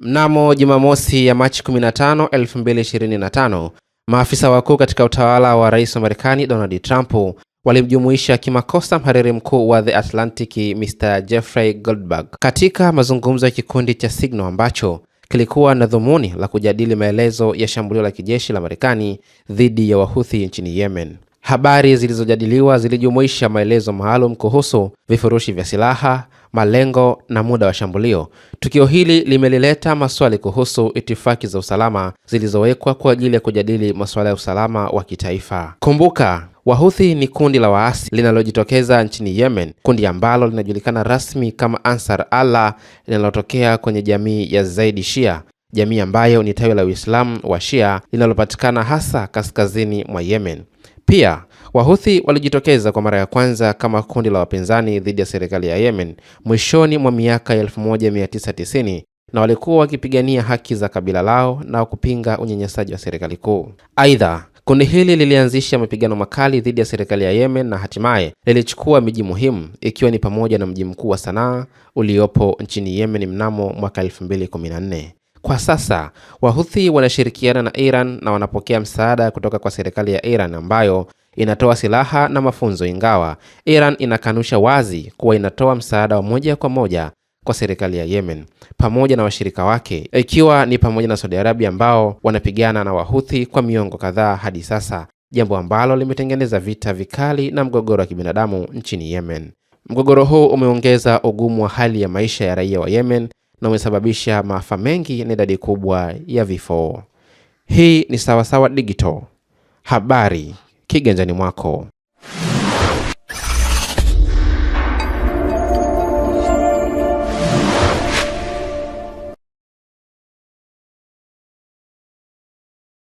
Mnamo Jumamosi ya Machi 15, 2025, maafisa wakuu katika utawala wa Rais wa Marekani Donald Trump walimjumuisha kimakosa mhariri mkuu wa The Atlantic Mr. Jeffrey Goldberg katika mazungumzo ya kikundi cha Signal ambacho kilikuwa na dhumuni la kujadili maelezo ya shambulio la kijeshi la Marekani dhidi ya Wahuthi nchini Yemen. Habari zilizojadiliwa zilijumuisha maelezo maalum kuhusu vifurushi vya silaha, malengo na muda wa shambulio. Tukio hili limelileta maswali kuhusu itifaki za usalama zilizowekwa kwa ajili ya kujadili masuala ya usalama wa kitaifa. Kumbuka, Wahuthi ni kundi la waasi linalojitokeza nchini Yemen, kundi ambalo linajulikana rasmi kama Ansar Allah linalotokea kwenye jamii ya Zaidi Shia, jamii ambayo ni tawi la Uislamu wa Shia linalopatikana hasa kaskazini mwa Yemen. Pia Wahuthi walijitokeza kwa mara ya kwanza kama kundi la wapinzani dhidi ya serikali ya Yemen mwishoni mwa miaka 1990 na walikuwa wakipigania haki za kabila lao na kupinga unyanyasaji wa serikali kuu. Aidha, kundi hili lilianzisha mapigano makali dhidi ya serikali ya Yemen na hatimaye lilichukua miji muhimu ikiwa ni pamoja na mji mkuu wa Sanaa uliopo nchini Yemen mnamo mwaka 2014. Kwa sasa Wahuthi wanashirikiana na Iran na wanapokea msaada kutoka kwa serikali ya Iran ambayo inatoa silaha na mafunzo, ingawa Iran inakanusha wazi kuwa inatoa msaada wa moja kwa moja kwa serikali ya Yemen pamoja na washirika wake, ikiwa ni pamoja na Saudi Arabia ambao wanapigana na Wahuthi kwa miongo kadhaa hadi sasa, jambo ambalo limetengeneza vita vikali na mgogoro wa kibinadamu nchini Yemen. Mgogoro huu umeongeza ugumu wa hali ya maisha ya raia wa Yemen na umesababisha maafa mengi na idadi kubwa ya vifo. Hii ni Sawasawa Digital, habari kiganjani mwako.